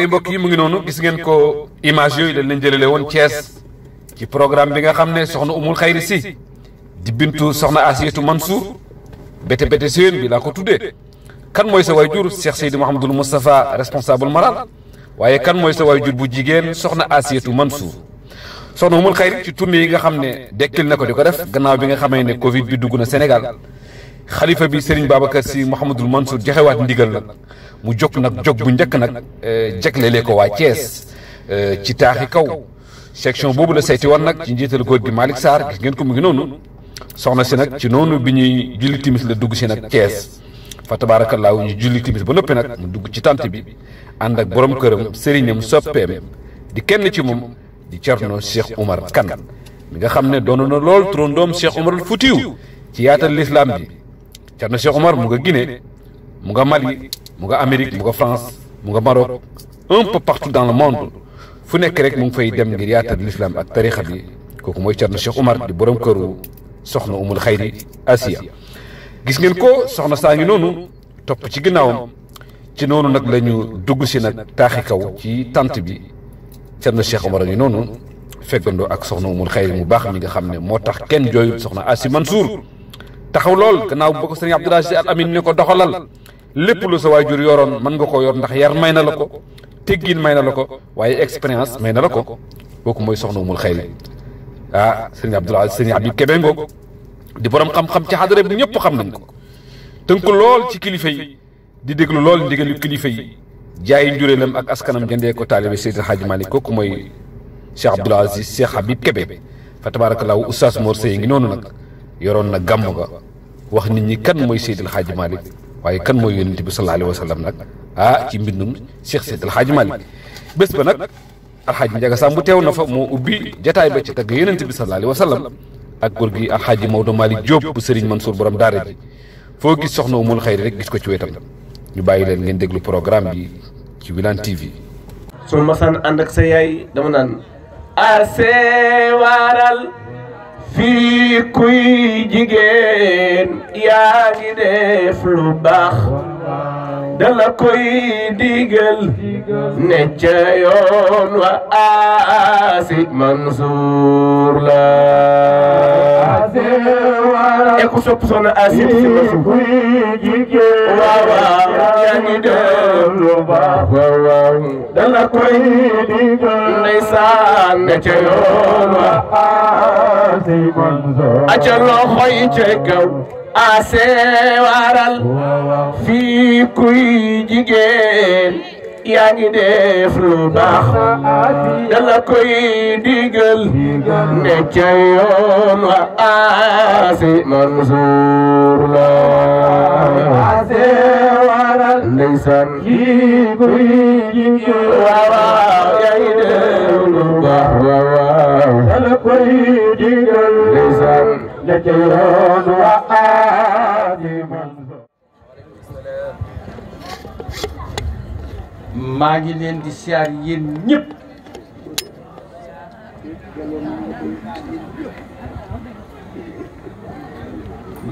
kay mbokk yi mu ngi noonu gis ngeen ko image yooyu dañ leen jëlale woon Thiès ci programme bi nga xam ne soxna umul xayri si di bintu soxna asiyatu mansour bété bété seen bi ko tuddee kan mooy sa waajur Cheikh Seydi Mouhamadul Moustapha responsable moral waaye kan mooy sa waajur bu jigéen soxna asiyatu mansour soxna umul xayri ci tournée yi nga xam ne dekkil na ko di ko def gannaaw bi nga xamee ne covid bi dugg na Sénégal xalifa bi Serigne Babacar si Mouhamadul Mansour joxewaat ndigal la mu jóg nag jóg bu njëkk nag eh, jeglelee ko waa Thiès eh, ci taaxi kaw section boobu la seeti woon nag ci njiital góor gi Malick Sarr gis ngeen ko mu ngi noonu soxna si nag ci noonu bi ñuy julli timis la dugg si nag Thiès fa tabaarakallaahu ñu julli timis ba noppi nag mu dugg ci tant bi ànd ak borom këram sëriñam soppeem di kenn ci moom di Cerno Cheikh Oumar Kane mi nga xam ne doon na lool trondoom Cheikh Oumar al Foutiyu ci yaatal lislaam bi Cerno Cheikh Oumar mu nga Guinée mu nga mu nga Amérique mu nga France mu nga Maroc un peu partout dans le monde fu nekk rek mu ngi fay dem ngir yaatal l'islam ak tarixa bi kooku mooy Cerno Cheikh Oumar di borom këru soxna umul xayri Asiya gis ngeen ko soxna saa ngi noonu topp ci ginnaawam ci noonu nag la ñu dugg si nag taaxi kaw ci tant bi Cerno na Oumar a ngi noonu fekkandoo ak soxna umul xayri mu baax mi nga xam ne moo tax kenn jooyut soxna Asi Mansour taxaw lool gannaaw ba ko sëriñ Abdoul Aziz Al Amin ne ko doxalal lépp lu sa waajur yoroon mën nga koo yor ndax yar may na la ko teggin may na la ko waaye expérience may na la ko kooku mooy soxna umul xayri ah sëriñ Abdul Aziz sëriñ Habib Kébé ngoog di borom xam-xam ci xadara bi ñëpp xam nañ ko tënk lool ci kilifa yi di déglu lool ndigalu kilifa yi jaayi njureelam ak askanam jëndee ko taalibe Seydil Hadji Malick kooku mooy Cheikh Abdul Aziz Cheikh Habib Kébé fa tabaarakallaahu oustaz Mor yi ngi noonu nag yoroon na gàmm ga wax nit ñi kan mooy Seydil Hadji Malick waaye kan mooy yonent bi sallallahu alayhi wa sallam nag ah ci mbindum Cheikh Seydi El Hadj Malick bés ba nag alxaaji Njaga Samb teew na fa moo ubbi jataay ba ci tagg yonent bi sallallahu alayhi wa sallam ak góor gi alxaaji Maodo Malick Diop bu Serigne Mansour borom daara foo gis soxna Umul Xayri rek gis ko ci wetam ñu bàyyi leen ngeen déglu programme bi ci Wilane TV. su ma saan ànd sa yaay dama naan. asee waaral. kuy jigéen yaa ngi def lu baax dala koy digal ne ca yoon wa aasi Mansuur la e ku sopp soxna aasi si Mansuur waaw waaw yaa ngi dem lu baax dala koy digal ndeysaan ne ca yoon wa aasi Mansuur a ca loxoy ca kaw ase waral fii kuy jigéen yaa ngi def lu baax dala koy digal ne ca ase Mansour ase waral ndeysaan fii kuy jigéen waaw yaa ngi def lu baax waaw maa ngi leen di siyaar yéen ñëpp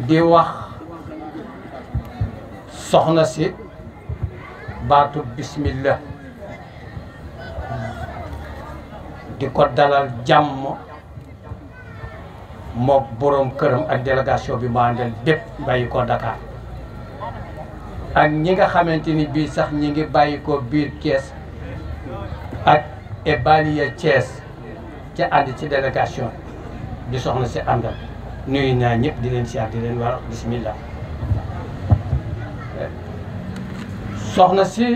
di wax soxna si baatu bismillah di ko dalal jàmm mook boroom këram ak délégation bi ma àndal bépp bàyyi koo Dakar ak ñi nga xamante ni bii sax ñi ngi bàyyi ko biir Thiès ak Ebalia cees ca ànd ci délégation di soxna si àndal nuyu naa ñëpp di leen siyaar di leen war bismillah soxna si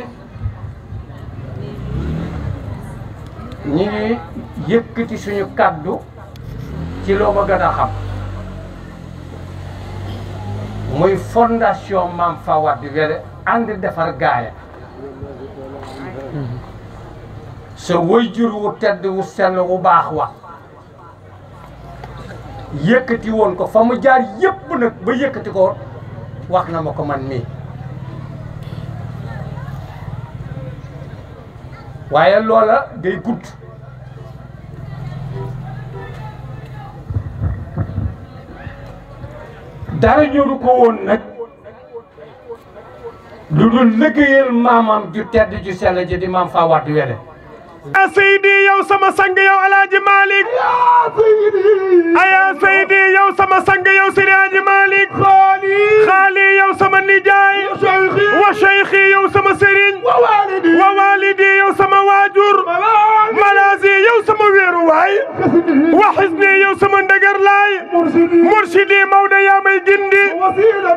ñi ngi yëkkati suñu kàddu ci loo ma gën a xam muy fondation Maam Fawade Wele ànd defar gaaya sa wayjur wu tedd wu sell wu baax wa yëkkati woon ko fa mu jaar yépp nag ba yëkkati ko wax na ma ko man mii waaye loola gay gudd dara ñoru ko woon nag lu dul liggéeyal maamam ju tedd ju sell ji di maam faa waat wele a seydi yow sama sang yow alaaji malik aya seydi yow sama sang yow siri aji malik xaali yow sama nijaay wa cheikhi yow sama sëriñ wa walidi yow sama waajur malaasi yow sama wéeruwaay wa xisni yow sama murshidi mawda yaa may gindi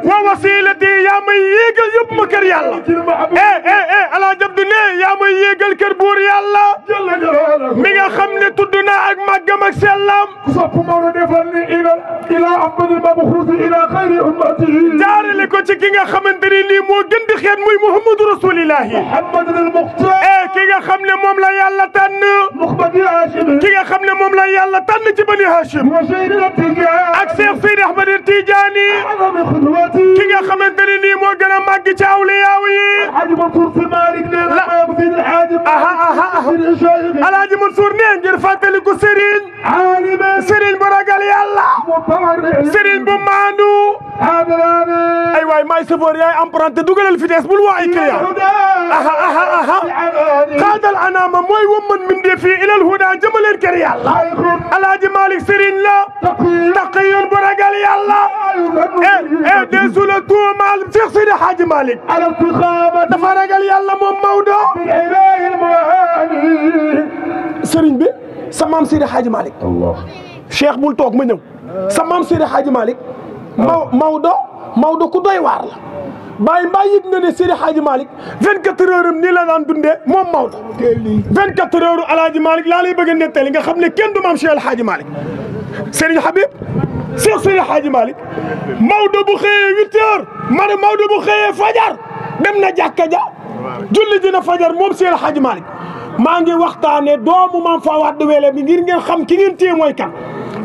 wa wasila yaa may yéegal yëpp ma kër yàlla eh eh eh alaaj Abdu ne yaa may yéegal kër buur yàlla mi nga xam ne tudd naa ak màggam ak sellaam ku sopp Maodo defal ni ila ila ahmadul mabxuus ila xayri ummatihi jaarale ko ci ki nga xamante ni nii moo gën di xeet muy muhammadu rasulillahi muhammadul muxtaar eh ki nga xam ne moom la yàlla tànn muhammadu hashim ki nga xam ne moom la yàlla tànn ci bani hashim ak Cheikh Seydi Ahmad Tijaani ki nga xamante ni lii moo gën a màgg ci awliyaaw yi alaaji Mansour si Malick nee na maam Seydi alaaji alaaji Mansour nee ngir fàttali ko sëriñ alime sëriñ bu ragal yàlla sëriñ bu maandu ay waay maay sëfoor yaay emprunté dugalal vitesse bul waay kiya aha aha aha xaadal anaama mooy wëmman min dee fii ilal huda jëmaleen kër yàlla alaaji Malick sëriñ la taqiyun bu ragal yàlla e e deesu la tuumaal شيخ سيدي حاج مالك على الفخامة دفا رجل يلا مو موضوع بإله المعاني سرين بي سمام سيدي حاج مالك الله شيخ بولتوك منو سمام سيدي حاج مالك موضوع موضوع كدوي وار باي باي يغني سيدي حاج مالك 24 هور ني لا نان دوندي موم موت 24 هور الحاج مالك لا لي بغي نيتالي nga xamne ken du mam الحاج مالك Serigne Habib Cheikh Serigne Hadji Malick Maodo bu xëyee huit heures ma ne Maodo bu xëyee fajar dem na jàkka ja julli dina fajar moom Serigne Hadji Malick maa ngi waxtaane doomu maam Fawade Wele bi ngir ngeen xam ki ngeen téye mooy kan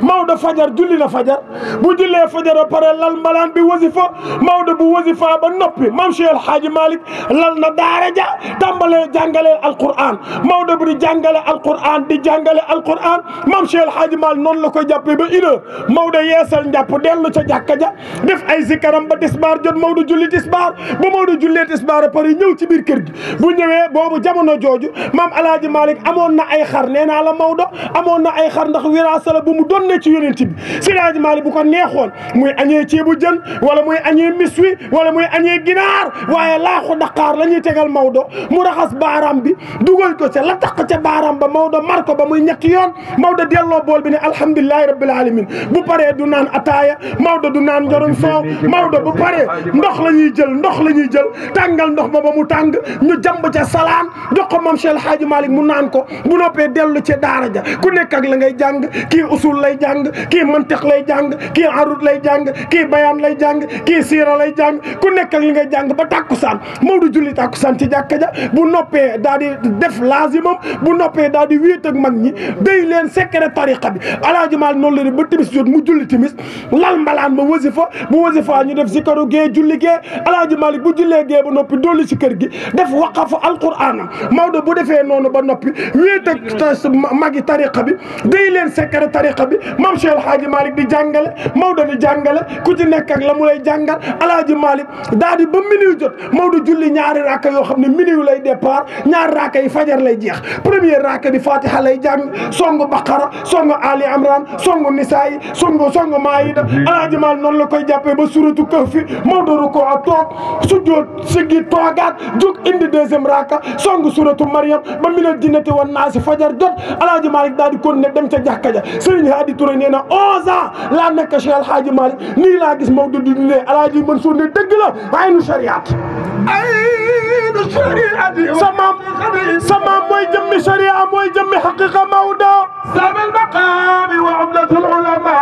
Maodo fajar julli na fajar bu julle fajar ba pare lal malan bi wazifa Maodo bu wazifa ba nopi mam Cheikh El malik lal na dara ja tambale jangale Alqur'an Maodo bu di jàngale Alqur'an di jàngale Alqur'an mam Cheikh El mal non la koy jappe ba une heure yeesal njàpp delu ca jàkka ja def ay zikaram ba tisbar jot Maodo julli tisbar bu Maodo julle tisbar pare ñëw ci bir kër gi bu ñewé bobu jamono joju mam alhaji malik amon na ay xar neena la Maodo amon na ay xar ndax wiraasa la bu mu don na ci yonent bi si laaji maali bu ko neexoon muy añee bu jën wala muy añee mis wi wala muy añee ginaar waaye laaxu daqaar la ñuy tegal Maodo mu raxas baaraam bi dugal ko ca la taq ca baaraam ba Maodo mar ko ba muy ñetti yoon Maodo delloo bool bi ne alhamdulilahi rabbil alamin bu pare du naan ataaya Maodo du naan njorom soow Maodo bu paree ndox la ñuy jël ndox la ñuy jël tàngal ndox ma ba mu tàng ñu jàmb ca salaan jox ko moom Cheikh El Hadji Malick naan ko bu noppee dellu ca daara ja ku nekk ak la ngay jàng kii usul lay jàng kii mantiq lay jàng kii arut lay jàng kii bayaan lay jàng kii siira lay jàng ku nekk ak li ngay jàng ba tàkkusaan Maodo julli tàkkusaan ci jàkka ja bu noppee daa di def laasimam bu noppee daa di wéet ak mag ñi béy leen secret tariqa bi alaaji maal noonu la de ba timis jot mu julli timis lal mbalaan ba wasifa bu wasifa ñu def zikaru gee julli gee alaaji maalik bu jullee gee ba noppi dolli ci kër gi def waqafu alquraanam Maodo bu defee noonu ba noppi wéet ak magi tariqa bi béy leen secret tariqa bi mam Cheikh El Hadj Malick di jàngale Maodo di jàngale ku ci nekk ak la mu lay jàngal El Hadj Malick daal di ba minuit jot Maodo julli ñaari raaka yoo xam ne minuit lay départ ñaari raaka yi fajar lay jeex première raaka bi Fatiha lay jàng songu Baqara songu Ali Imran songu Nisaa songu songu Maayida El Hadj Malick noonu la koy jàppee ba suratu Kahf Maodo rukkoo a toog sujjoot siggi toogaat jóg indi deuxième raaka songu suratu Mariam ba minal jinnati wan naasi jot El Hadj Malick daal di dem ca jàkka Touré na 11 ans laa nekk Cheikh El Hadj Malick nii laa gis Maodo di dundee El Hadj Mansour ne dëgg la nu chariat samaam samaam mooy jëmmi sharia mooy jëmmi xaqiqa Maodo. saamil maqaami wa umdatul ulama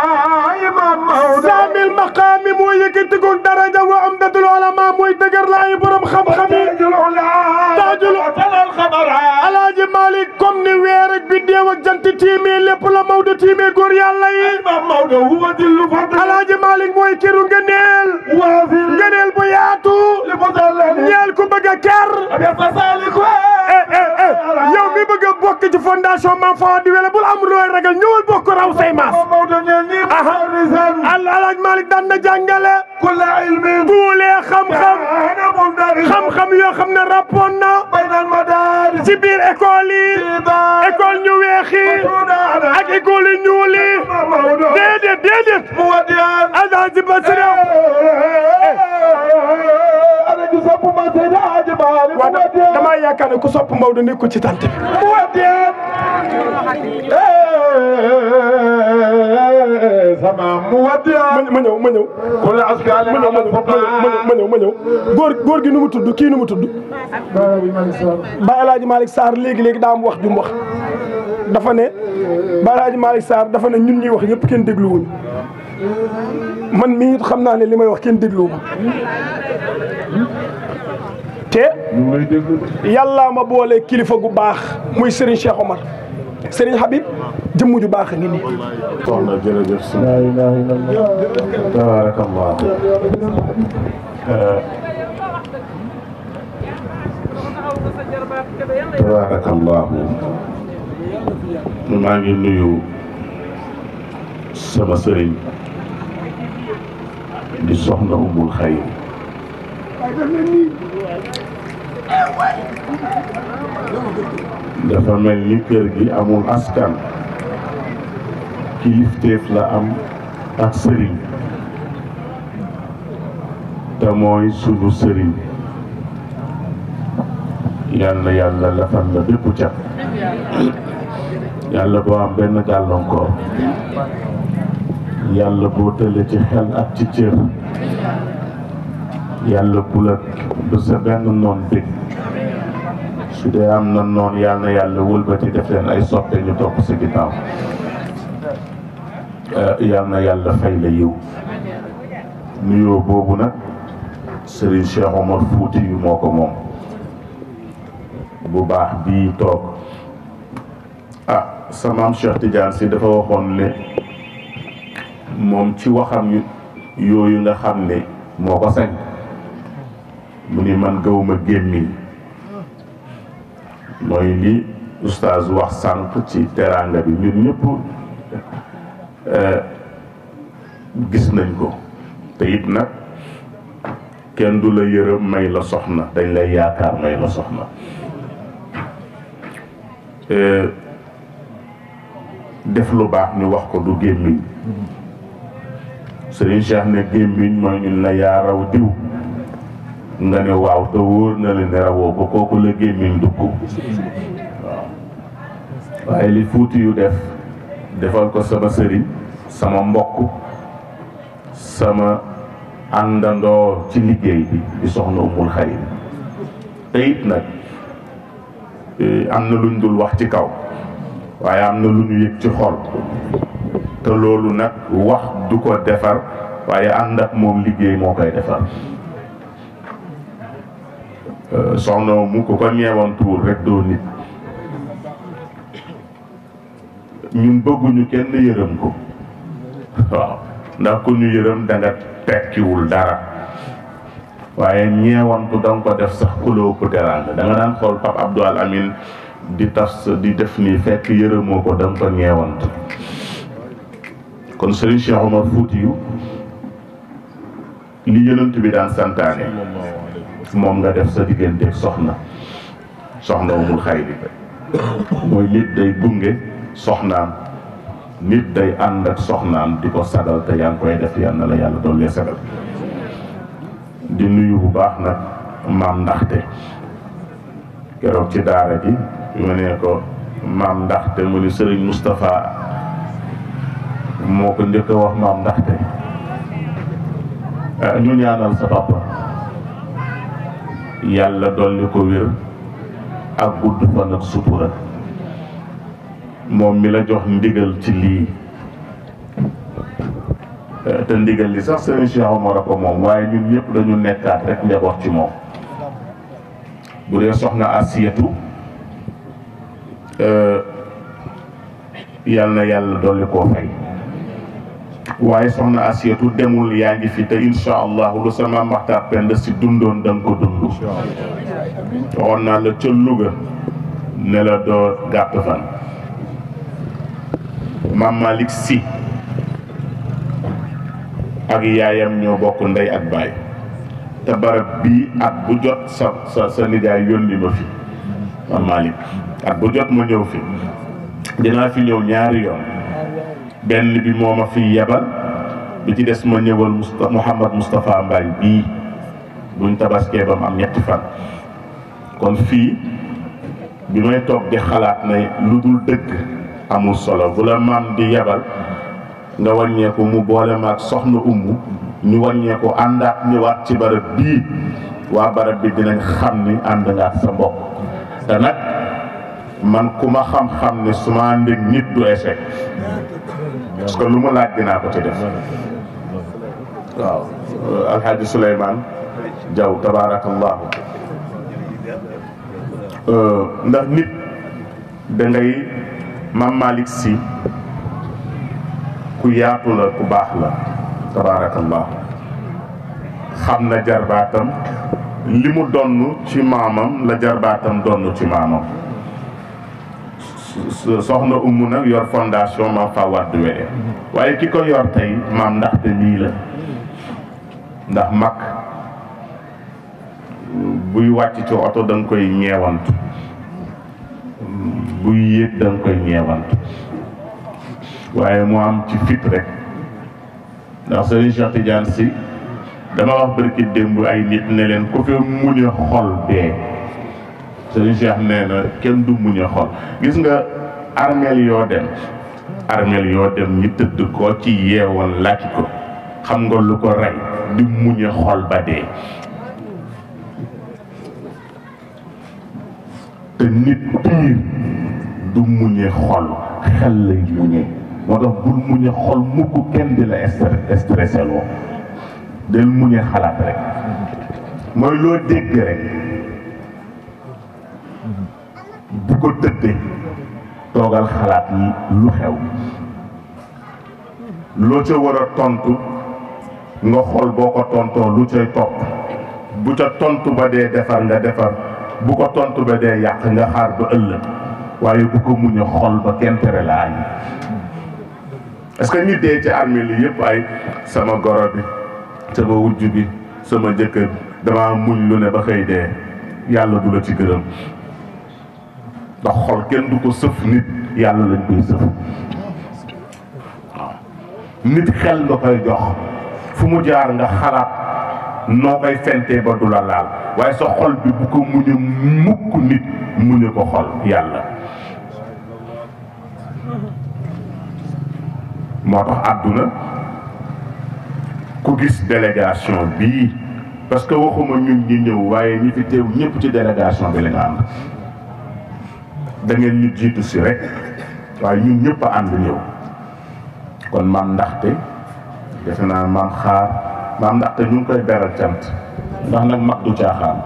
imaam Maodo. saamil maqaami moo yëkkatigoon daraja wa umdatul ulama mooy dëgër laay borom xam-xam yi. taajul alaaji Malick comme ni weer ak biddeew ak jant tiimee lépp la Maodo tiimee góor yàlla yi. alaaji Malick mooy kiru ngëneel. ngëneel bu yaatu. ñeel ku bëgg a leer yow mi bëgg a bokk ci fondation Mame Fawade Wellé bul am looy ragal ñëwal bokk raw say maas al alaaj Malick daan na jàngale kuulee xam-xam xam-xam yoo xam ne rappoon na ci biir école yi école ñu weex yi ak école yi ñuul yi déedéet déedéet alaaji Basira yaakaar damaa yaakaar ne ku sopp Maodo nekku ci tànt bi mu wadiya ma ñëw ma ñëw ma ñëw ma góor góor gi nu mu tudd kii nu mu tudd Baye El Hadj Malick Sarr léegi-léegi daa wax jum wax dafa ne Baye El Hadj Malick dafa ne ñun ñuy wax ñëpp kenn dégluwuñu man mii xam naa ne li may wax kenn dégluwu ma te ma boole kilifa gu baax muy Serigne Cheikh Omar Serigne Habib jëmm ju baax a ngi nii. soxna jërëjëf si. laa euh, maa ngi nuyu sama sëriñ di soxna Umul Xayr. dafa mel ni kër gi amul askan kilifteef la am ak sëriñ te mooy sunu sëriñ yàlla yàlla lafal la bépp cat yàlla boo am benn gàllankoor yàlla boo tële ci xel ak ci cër yàlla bu la sa benn noon dégg su dee am na noonu yàlla na yàlla wëlbati def leen ay soppe ñu topp si ginnaaw eh, yàlla na yàlla fay la yiw nuyoo boobu nag Serigne Cheikh Omar Fouti yu moo ko moom bu baax bii toog ah sa maam Cheikh si dafa waxoon ne moom ci waxam yooyu nga xam ne moo ko sañ mu ni man gawuma gémmi mooy li oustaz wax sànq ci teraanga bi ñun ñëpp euh, gis nañ ko te it nag kenn du la yërëm may la soxna dañ lay yaakaar may la soxna euh, def lu baax ni wax ko du gémmiñ sëriñ Cheikh ne gémmiñ mooy ñun la yaa raw diw nga ne waaw te wóor na la ne rawoo ko kooku la gémmiñ dugg waaw waaye li fuuti yu def defal ko sama sëriñ sama mbokk sama àndandoo ci liggéey bi di soxna umul xayri te it nag e, am na luñ dul wax ci kaw waaye am na lu ñu yëg ci xol te loolu nag wax du ko defar waaye ànd ak moom liggéey moo koy defar Euh, soxna mu ko ko ñeewantuwul rek doo nit ñun bëgguñu kenn yërëm ko waaw ndax ku ñu yërëm da nga tekkiwul dara waaye ñeewantu da nga ko def sax kuloo ko teraanga da nga daan xool Pape Abdou Al di tas di def nii fekk yërëmoo ko da nga ko ñeewantu kon Serigne Cheikh Omar Foutiyou li yonent bi daan santaane moom nga def sa digganteeg soxna soxna umul xay bi mooy nit day gunge soxnaam nit day ànd ak soxnaam di ko sagal te yaa ngi koy def yal na la yàlla doon lee sagal di nuyu bu baax nag maam ndaxte keroog ci daara ji mu ne ko maam ndaxte mu ni sëriñ Moustapha moo ko njëkk wax maam ndaxte ah, ñu ñaanal sa papa yàlla dolli ko wér ak gudd fan ak sutura moom mi la jox ndigal ci lii eh, te ndigal li sax sëriñ Cheikh Omar a ko moom waaye ñun ñëpp dañu nekkaat rek njaboot ci moom bu dee soxna Asiyatu eh, yàlla na yàlla dolli koo fay waye soxna Asiyatu demul yaangi fi te inshallah allah lu sama Maxtaar Penda de ci dundon nga ko dund. on na le ca luga ne la do gatt fan. mam malik si ak yaayam ño bokk nday ak bay te barab bi ak bu jot sa sa sa nijaay yónni ma fi mam malik ak bu jot ma ñew fi dina fi ñew ñaari yoon. benn bi moo fi yebal bi ci des ma ñëwal Mouhamad Moustapha Mbaye bii buñ tabaskee ba am ñetti fan kon fii bi may toog di xalaat ne lu dul dëgg amul solo bu la maam di yebal nga wàññeeku mu boole ma ak soxna ummu ñu wàññeeku àndaat ñëwaat ci barab bii waa barab bi dinañ xam ni ànd nga sa mbokk te nag man ku ma xam-xam ne su ma ànd nit du échec parce que lu mu laaj dinaa ko ci def waaw alxaaji Souleymane Diaw tabaarakallaahu ndax nit da ngay si ku yaatu la ku baax la tabaarakallaahu xam na jarbaatam li mu donn ci maamam la jarbaatam donn ci maamam soxna ummu nag yor fondation maam fa waddu wele waaye ki ko yor tey maam ndaxte nii la ndax mag buy wàcc ci oto da koy ñeewantu buy yéeg da koy ñeewantu waaye mu am ci fit rek ndax Serigne Cheikh Tidiane Sy dama wax barki démb ay nit ne leen ku fi muñe xol bee sëriñ Cheikh nee na kenn du muñ xol gis nga armeel yoo dem armeel yoo dem ñi tëdd ko ci yeewoon laaj ko xam nga lu ko rey di muñ xol ba dee te nit piir du muñe xol xel lay muñe moo tax bul muñe xol mukk kenn di la stressé loo del muñe xalaat rek mooy loo dégg rek di ko tëdde toogal xalaat lu xew loo ca war a tontu nga xool boo ko tontoo lu cay topp bu ca tontu ba dee defar nga defar bu ko tontu ba dee yàq nga xaar ba ëllëg waaye bu ko muñ a xol ba kenn tere la añ est-ce que ñi dee ci armée li yëpp ay sama goro bi sama wujj bi sama jëkkër dama muñ lu ne ba xëy dee yàlla bu la ci gërëm ndax xol kenn du ko sëf nit yàlla lañ koy sëf nit xel nga koy jox fu mu jaar nga xalaat noo koy fentee ba du la laal waaye sa xol bi bu ko muñe mukk nit muñe ko xol yàlla moo tax àdduna ku gis délégation bii parce que waxuma ñun ñi ñëw waaye ñi fi teew ñëpp ci délégation bi la nga am da ngeen nit jitu si rek waaye ñun ñëpp a ànd ñëw kon maam ndaxte defe naa maam xaar maam ndaxte ñu ngi koy beral cant ndax nag mag du caaxaan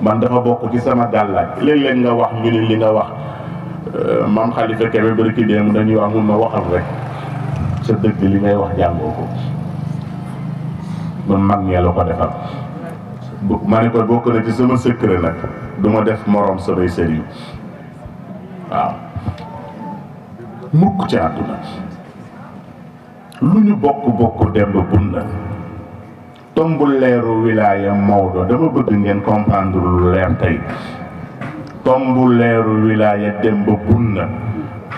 man dafa bokk ci sama gàllaaj léeg-léeg nga wax ñu ne li nga wax euh, maam xalifa kebe bari ki dem dañuy wax mu ma waxal rek sa dëgg li ngay wax jàngoo ko man mag ñee la ko defal ma ne ko bokk na ci sama secret nag du ma def morom samay sëriñ waaw mukk ci àdduna lu ñu bokk-bokk demb bun na tomb leeru wilaaya Maodo dama bëgg ngeen comprendre lu leer tey tomb leeru wilaaya demb bun na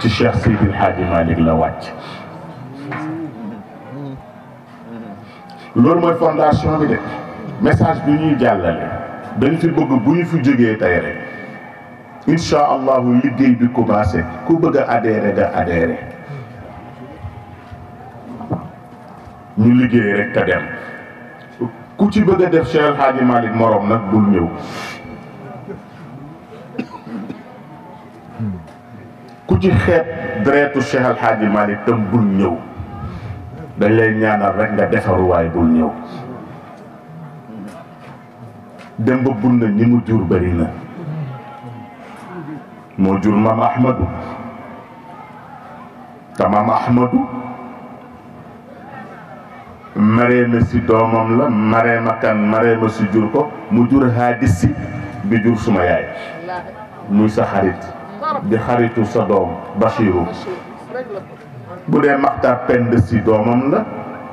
ci Cheikh Seydi El Hadji la wàcc loolu mooy fondation bi de message bi ñuy jàllale dañ fi bëgg bu ñu fi jógee tey rek incha allahu liggéey bi commencé ku bëgg a adhéré nga ñu liggéey rek ka dem ku ci bëgg a def Cheikh El Hadji morom nag bul ñëw ku ci xeet deretu Cheikh El Hadji Malick bul ñëw dañ lay ñaanal rek nga defaruwaay bul ñëw dem ba bul na ñi mu jur bëri na moo jur maam ahmadu te maam ahmadu mareema si doomam la mareema kan mareema si jur ko mu jur haadis si bi jur suma yaay muy sa xarit di xaritu sa doom Bachiru bu dee maxtaar pend si doomam la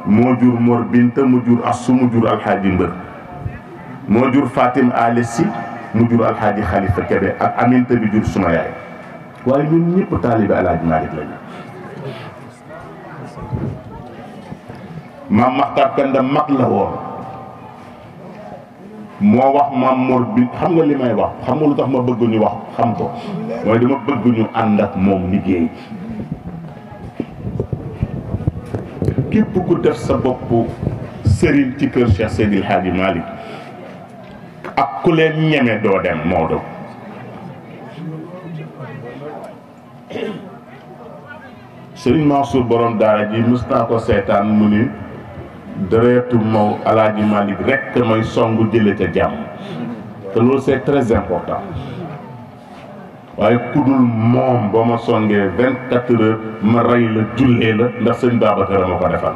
moo jur mor mu jur assu mu jur alxaaji mbër moo jur fatim ali si mu jur alxaaji xalifa kebe ak aminta bi jur suma yaay waaye ñun ñëpp taalibe alaaji Maalik lañu maam Maxtaar Penda mag la woon moo wax maam Mor bi xam nga li may wax xam nga lu tax ma bëgg ñu wax xam ko mooy dama bëgg ñu ànd ak moom liggéey képp ku def sa bopp sëriñ ci kër Cheikh Seydil Hadji Malick ak ku leen ñeme doo dem Maodo Serigne Mansour borom daara ji mës naa ko seetaan mu ni deretu Maw Alaaji Malick rek mooy songu jële ca jàmm te loolu c'est très important waaye kudul moom ba ma songee vingt heures ma rey la jullee la ndax sëñ Babacar ma ko defal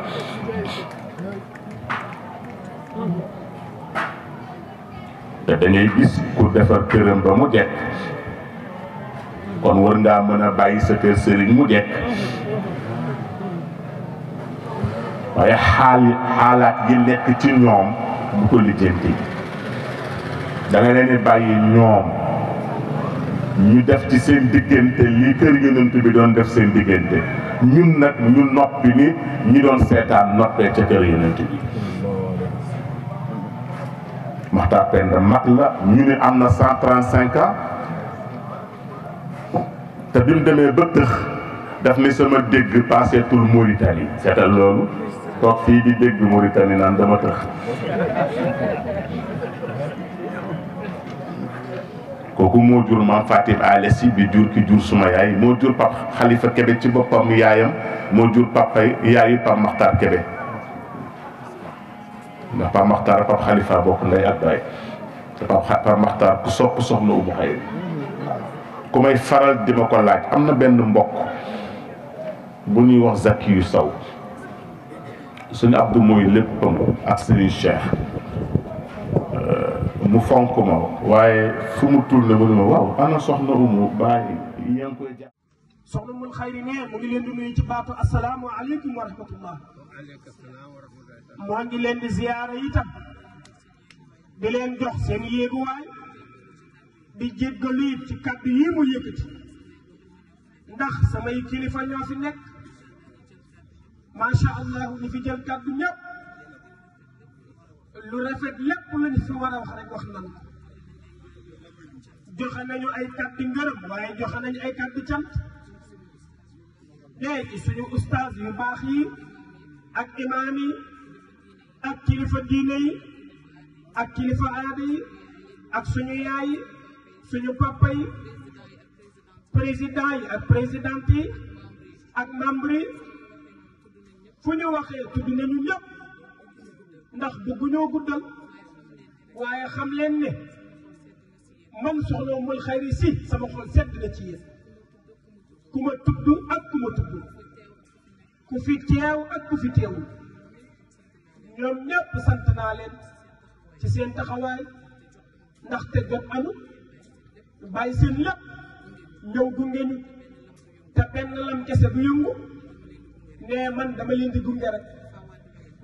te dañuy gis ku defar këram ba mu jekk kon war ngaa mën a bàyyi sa kër sëriñ mu jekk waaye xaal xaalaat yi nekk ci ñoom bu ko lijjanti da nga leen bàyyi ñoom ñu def ci seen diggante lii kër yonent bi doon def seen diggante ñun nag ñu noppi ni ñi doon seetaan noppee ca kër yonent bi Makhtar Penda mag la ñu ne am na cent trente cinq te bi mu demee ba tëx daf ni sama dégg passé tul Mauritanie seetal loolu toog fii di dégg Mauritanie naan dama tëx kooku moo jur maam Fatim Alesi bi jur ki jur suma yaay moo jur pap Xalifa Kebe ci boppam yaayam moo jur papa yaayu pap Makhtar Kebe ndax Pape Makhtar ak Pape Khalifa bokk nday ak baay te Pape Makhtar ku sopp soxna Umu Xayri ku may faral di ma ko laaj am na benn mbokk bu ñuy wax Zaki yu saw suñu Abdou mooy léppam ak Serigne Cheikh mu fonk ma waaye fu mu tourné mu ne ma waaw ana soxna Umu bàyyi yaa ngi koy jàpp soxna Umu Xayri ne mu ngi leen di nuyu ci baatu asalaamu aleykum wa rahmatullah moo ngi leen di ziyaara itam di leen jox seen yéeguwaay di jéggalu it ci kàddu yi mu yëkkati ndax samay kilifa ñoo fi nekk macha allah ñu fi jël kàddu ñëpp lu rafet lépp lu ñu fi war a wax rek wax nan ko joxe nañu ay kàddu ngërëm waaye joxe nañu ay kàddu cant léegi suñu ustaas yu baax yi ak imaam yi ak kilifa diine yi ak kilifa aada yi ak suñu yaay yi suñu papa yi président yi ak présidente yi ak membre yi fu ñu waxee tudd nañu ñëpp ndax bëgguñoo guddal waaye xam leen ne man soxla mul xayri si sama xol sedd na ci yéen ku tudd ak ku tudd ku fi teew ak ku fi teewul ñoom ñëpp sant naa leen ci seen taxawaay ndaxte jot anu bàyyi seen lépp ñëw gunge ñu te benn lam kese du yëngu ne man dama leen di gunge rek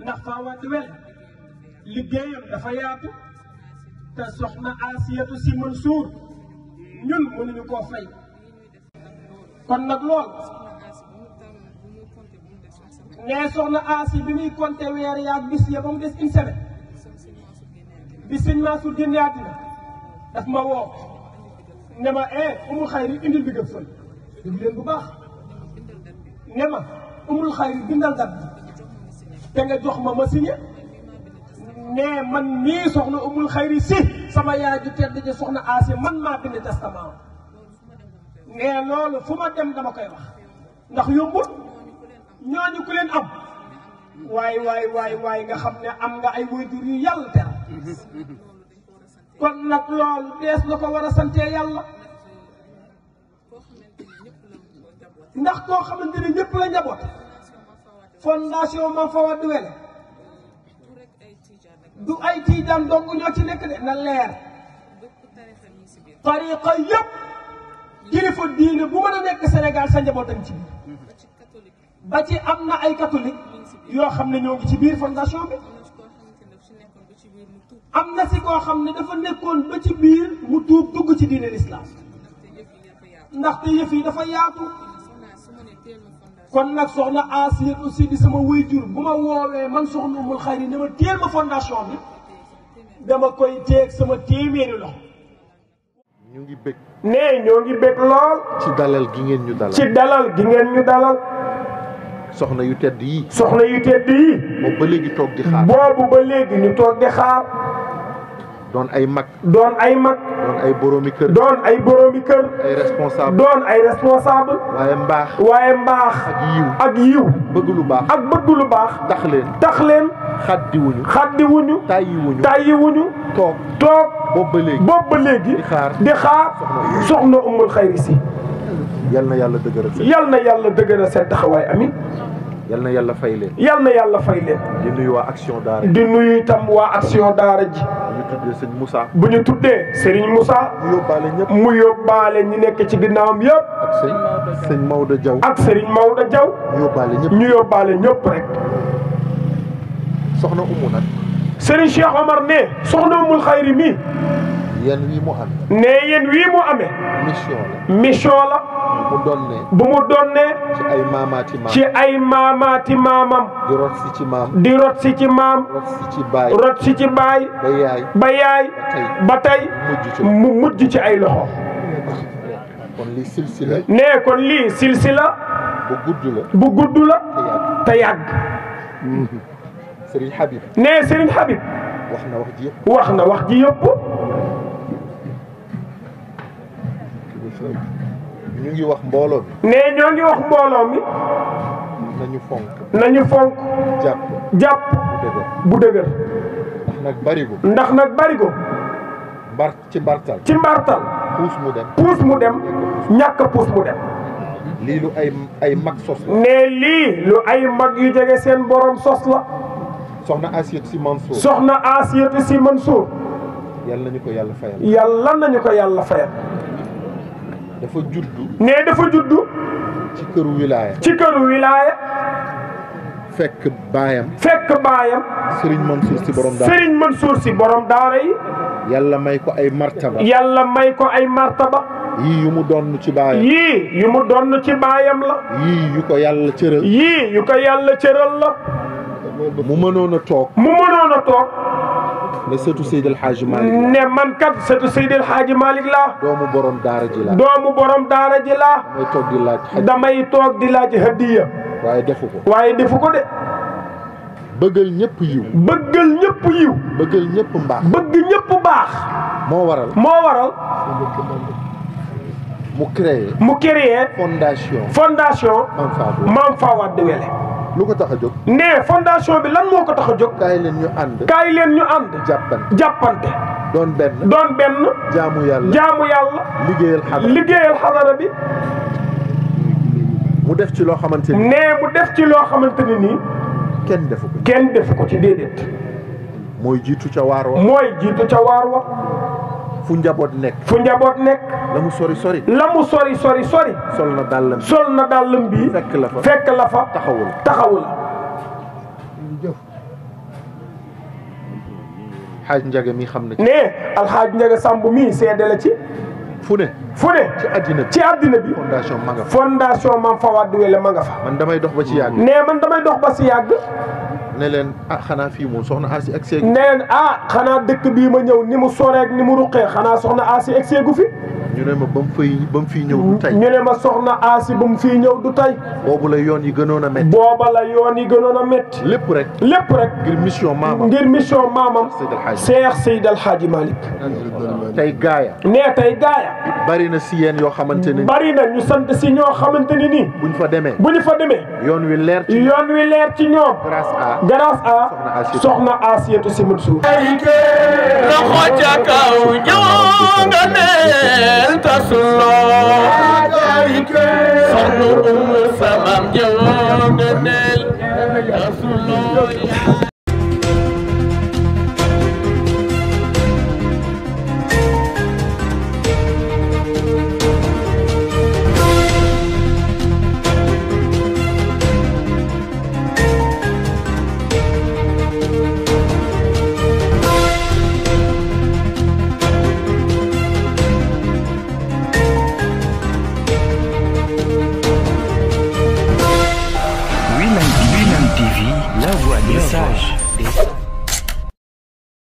ndax Fawade Wel liggéeyam dafa yaatu te soxna Asiyatu Si Mansuur ñun mënuñu koo fay kon nag lool nee soxna Asi bi muy compté weer yaag bis ya ba mu des une semaine bi sëñ Mansour génne àddina daf ma woo ne ma eh umul xayri indil bi gëm fël leen bu baax ne ma umul xayri bindal dat te nga jox ma ma signé ne man nii soxna umul xayri si sama yaay ju tedd ji soxna Asi man maa bind testament ne loolu fu ma dem dama koy wax ndax yombul ñooñu ku leen am waay waay waay waay nga xam ne am nga ay waajur yu yàlla teral kon nag loolu bees na ko war a sante yàlla ndax koo xamante ne ñëpp la njaboot fondation Mame Fawade Wellé du ay tiijaan dong ñoo ci nekk de na leer tariqa yëpp kilifa diine bu mën a nekk senegal sa njabootam ci ba ci am na ay catholique yoo xam ne ñoo ngi ci biir fondation bi am na si koo xam ne dafa nekkoon ba ci biir mu tuub dugg ci diine lislaam ndaxte yëf yi dafa yaatu kon nag soxna Asiya aussi di sama waajur bu ma woowee man soxna Umul Xayri ne ma téel ma fondation bi dama koy teeg sama téeméeri loxo ñu ngi bëgg. nee ñoo ngi bëgg lool. ci dalal gi ngeen ñu dalal. ci dalal gi ngeen ñu dalal. soxna yu tedd yi. soxna yu tedd yi. bo ba léegi tok di xaar. bobu ba léegi ñu tok di xaar. don ay mag. don ay mag. don ay boroomi keur don ay boroomi keur ay responsable. don ay responsable. waye mbax waye mbax ak yiw ak yiw. bëgg lu bax ak bëgg lu bax tax leen tax leen. xaddi wuñu. xaddi wuñu. tayi wuñu tayi wuñu. tok tok bobu ba bobu boobu di xaar di xaar soxna umul khairisi yal na yàlla dëgëral seen. yal na yàlla dëgëral seen taxawaay amin yal na yàlla fay leen. yal na yàlla fay leen. di nuyu waa action daara ji. di nuyu itam waa action daara ji. bu ñu tuddee sëñ musa bu ñu tuddee Serigne Moussa. mu yóbbaale ñëpp mu yóbbaale ñi nekk ci ginnaawam yëpp. ak sëñ sëñ Maodo jaw ak Serigne Maodo Diaw. ñu yóbbaale ñëpp ñu yóbbaale ñëpp rek. soxna Umu nag. Serigne Cheikh Omar ne soxna Umul Xayri mi. yan wii mu amee. ne yan wii mu amee. mission la. mission la. bu mu donnee. bu mu donnee. ci ay maamaati maam. ci ay maamaati maamam. di rot si ci maam. di rot si ci maam. rot si ci baay. rot si ci baay. ba yaay. ba yaay. ba tey mu mujj ci ay loxo. kon lii silsila. ne kon lii silsila. bu gudd la. bu gudd la. te yàgg. Serigne Habib. ne Serigne Habib. wax na wax ji yëpp. wax na wax ji yëpp. ñu ngi wax mbooloo mi. nee ñoo ngi wax mbooloo mi. nañu fonk. nañu fonk. jàpp jàpp. bu dëgër ndax nag bari ko. ndax nag bari ko. mbar ci mbartal. ci mbartal. puus mu dem. puus mu dem ñàkk puus mu dem. lii lu ay ay mag sos la. nee lii lu ay mag yu jege seen borom sos la. soxna Asiyatu Si Mansour. soxna Asiyatu Si Mansour. yàlla nañu ko yàlla fayal. yalla nañu ko yàlla fayal. dafa juddu. nee dafa juddu. ci këru wilaaya. ci këru wilaaya. fekk baayam. fekk baayam. Serigne Mansour si borom daara Serigne si borom daara yi. yàlla may ko ay martaba. yàlla may ko ay martaba. yii yu mu donn ci baayam. yii yu mu donn ci baayam la. yii yu ko yàlla cëral. yii yu ko yàlla cëral la. mu mënoon toog. ne sëtu Seydil Hadji Malick ne man kat sëtu Seydil Hadji Malick laa. doomu borom daara ji la doomu borom daara ji laa. damay toog di laaj. damay toog di laaj waaye defu ko. waaye defu ko de. bëggal ñëpp yiw. bëggal ñëpp yiw. bëggal ñëpp mbaax. bëgg ñëpp baax. moo waral. moo waral. mu créé mu créé. fondation fondation. Mame Fawade Wele. lu ko tax a jóg. ne fondation bi lan moo ko tax a jóg. kaay leen ñu ànd. kaay leen ñu ànd. jàppante jàppante. doon benn doon benn. jaamu yàlla jaamu yàlla. liggéeyal xadara liggéeyal xadara bi. mu def ci loo xamante ni. ne mu def ci loo xamante ni nii. kenn defu ko kenn defu ko ci déedéet. mooy jiitu ca waar wa. mooy jiitu ca waar wa. fu njaboot nekk. fu njaboot nekk. la mu sori sori. sori sori sori. sol na dàllam bi dàllam bi. fekk la fa fekk la fa taxawu la la. alxaaj Ndiaga mi xam na ci. nee alxaaj Ndiaga sàmb mii seede la ci. fu ne. fu ne ci àddina bi ci àddina bi. fondation ma nga fa fondation Mame ma nga fa. man damay dox ba ci yàgg. nee man damay dox ba ci yàgg. ne leen ah xanaa fii moom soxna Asi ak seegu. nee ah xanaa dëkk bii ma ñëw ni mu soreeg ni mu ruqee xanaa soxna Asi ak seegu fi. ñu ne ma ba mu fiy ba soxna Asi ba mu fiy ñëw du tey. boobu la yoon yi gënoon a métti. booba la yoon yi gënoon a métti. lépp rek. lépp rek. ngir mission maamam ngir mission maamam. Seex Seyd Alxaaji Malick. tey gaaya. nee tey gaaya. bari na si yéen yoo xamante ne. bari na ñu sant si ñoo xamante ne nii. bu ñu fa demee. bu ñu fa demee. yoon wi leer ci leer ci ñoom. grâce a grâce a soxna Asiyatu Si Mansuur. loxo ca kaw ñoo nga ne. تلبس الله صنو أم سمام جوان النيل رسول الله